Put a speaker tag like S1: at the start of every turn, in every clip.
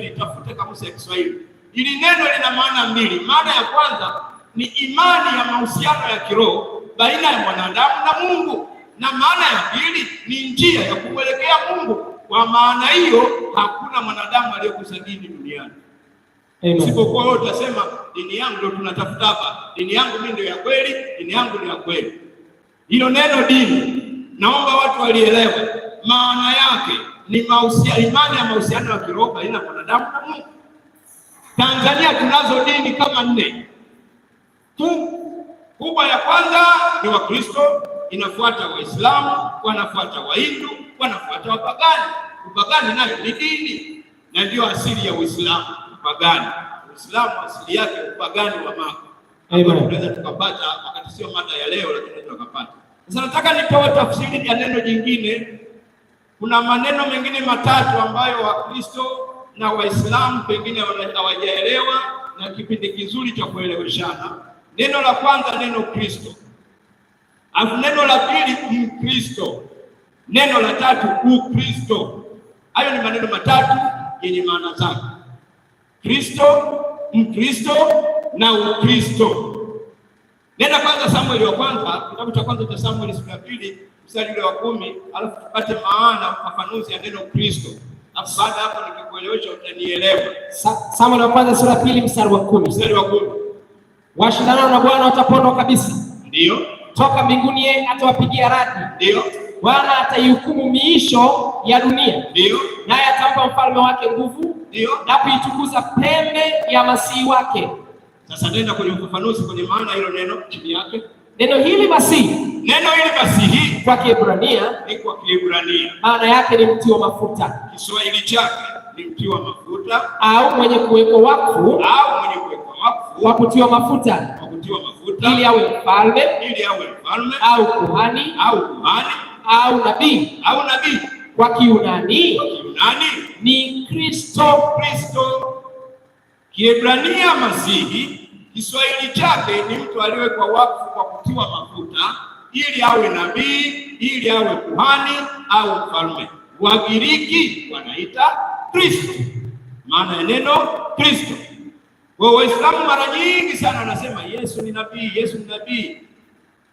S1: Litafute kamusi ya Kiswahili. ili neno lina maana mbili. Maana ya kwanza ni imani ya mahusiano ya kiroho baina ya mwanadamu na Mungu, na maana ya pili ni njia ya kumwelekea Mungu. Kwa maana hiyo, hakuna mwanadamu aliyekuza dini duniani isipokuwa wewe. Utasema dini yangu ndio tunatafuta hapa, dini yangu mimi ndio ya kweli, dini yangu ni ya kweli. Hilo neno dini, naomba watu walielewe maana yake ni mahusiano, imani ya mahusiano ya kiroho baina ya mwanadamu na Mungu. Tanzania tunazo dini kama nne tu. Kubwa ya kwanza ni Wakristo, inafuata Waislamu, wanafuata Wahindu, wanafuata wapagani. Upagani nayo ni dini na ndio asili ya Uislamu. Upagani, Uislamu asili yake upagani wa Maka. Tunaweza tukapata wakati, sio mada ya leo, lakini tunaweza tukapata. Sasa nataka nitoe tafsiri ya neno jingine kuna maneno mengine matatu ambayo Wakristo na Waislamu pengine hawajaelewa, na kipindi kizuri cha kueleweshana. Neno la kwanza neno Kristo, alafu neno la pili Mkristo, neno la tatu Ukristo. Hayo ni maneno matatu yenye maana zake: Kristo, Mkristo na Ukristo. Neno kwanza Samueli wa kwanza, kitabu cha kwanza cha Samueli sura ya pili mstari ule wa kumi, alafu tupate maana ufafanuzi ya neno Kristo, alafu baada hapo nikikuelewesha utanielewa.
S2: Samueli wa kwanza sura pili mstari wa kumi,
S1: mstari wa kumi,
S2: washindana na Bwana watapondwa kabisa, Ndio. toka mbinguni, yeye atawapigia radi, Ndio. Bwana ataihukumu miisho ya dunia, Ndio. naye atampa mfalme wake nguvu, Ndio. na kuitukuza pembe ya masihi wake.
S1: Sasa nenda kwenye ufafanuzi kwenye maana hilo neno chini yake,
S2: neno hili masihi,
S1: neno hili masihi
S2: kwa Kiebrania
S1: ni kwa Kiebrania,
S2: maana yake ni mti wa mafuta.
S1: Kiswahili chake ni mti wa mafuta,
S2: au mwenye kuwekwa wakfu,
S1: au mwenye kuwekwa wakfu,
S2: wa kutiwa mafuta,
S1: wa kutiwa mafuta,
S2: ili awe mfalme,
S1: ili awe mfalme,
S2: au kuhani,
S1: au kuhani,
S2: au nabii, au nabii. Kwa Kiunani, kwa Kiunani ni Kristo, Kristo.
S1: Kiebrania Masihi, Kiswahili chake ni mtu aliyewekwa wakfu kwa kutiwa mafuta ili awe nabii, ili awe kuhani au mfalme. Wagiriki wanaita Kristo, maana ya neno Kristo. Kwa Waislamu mara nyingi sana wanasema Yesu ni nabii, Yesu ni nabii.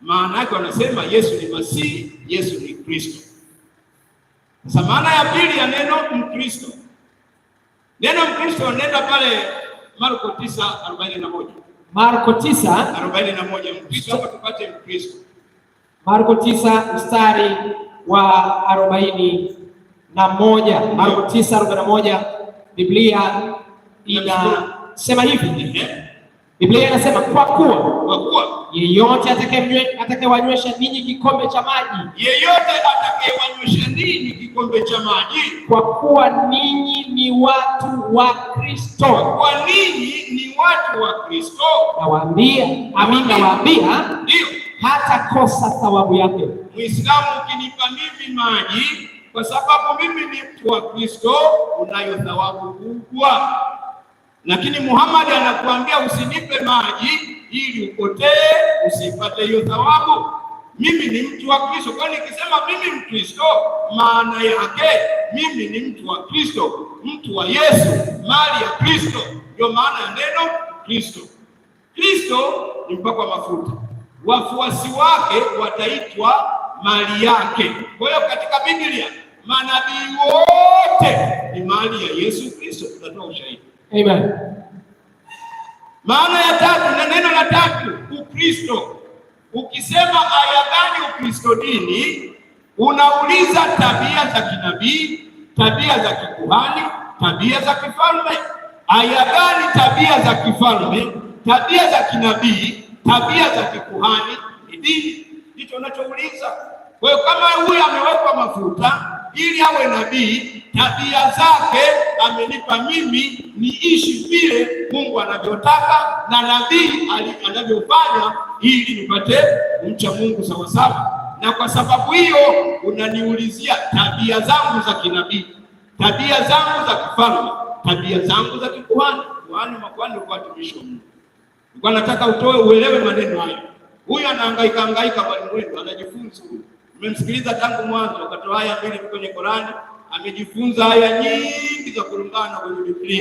S1: Maana yake wanasema Yesu ni Masihi, Yesu ni Kristo. Sasa maana ya pili ya neno Mkristo, neno Mkristo nenda pale Marko 9:41. Marko 9:41, Mkristo hapa tupate Mkristo
S2: Marko tisa mstari wa arobaini na moja Marko tisa arobaini na moja Biblia inasema hivi, Biblia inasema kwa
S1: kuwa
S2: yeyote atakayewanywesha ninyi kikombe cha maji,
S1: yeyote atakayewanywesha ninyi kikombe cha maji,
S2: kwa kuwa ninyi ni watu wa Kristo, kwa
S1: kuwa ninyi ni watu wa Kristo,
S2: nawaambia, amina, nawaambia ndio hata kosa thawabu yake.
S1: Muislamu, ukinipa mimi maji kwa sababu mimi ni mtu wa Kristo, unayo thawabu kubwa. Lakini Muhammad anakuambia usinipe maji ili upotee, usipate hiyo thawabu. Mimi ni mtu wa Kristo, kwani nikisema mimi Mkristo, maana yake mimi ni mtu wa Kristo, mtu wa Yesu, mali ya Kristo. Ndio maana ya neno Kristo. Kristo ni mpakwa mafuta wafuasi wake wataitwa mali yake. Kwa hiyo katika Biblia manabii wote ni mali ya Yesu Kristo, tunatoa ushahidi Amen. Maana ya tatu na neno la tatu, Ukristo. Ukisema aya gani Ukristo dini, unauliza tabia za kinabii, tabia za kikuhani, tabia za kifalme. Aya gani tabia za kifalme, tabia za kinabii tabia za kikuhani ni dini, ndicho unachouliza. Kwa hiyo kama huyu amewekwa mafuta ili awe nabii, tabia zake amenipa mimi niishi vile Mungu anavyotaka na nabii anavyofanya, ili nipate kumcha Mungu sawasawa. Na kwa sababu hiyo unaniulizia tabia zangu za kinabii, tabia zangu za kifalme, tabia zangu za kikuhani. Kuhani, makuhani kwa watumishi wa Mungu Nilikuwa nataka utoe uelewe maneno hayo. Huyu anahangaika hangaika, mwalimu wenu anajifunza. Umemsikiliza tangu mwanzo, wakatoa haya mbili kwenye Korani, amejifunza haya nyingi za kulingana kwenye Biblia.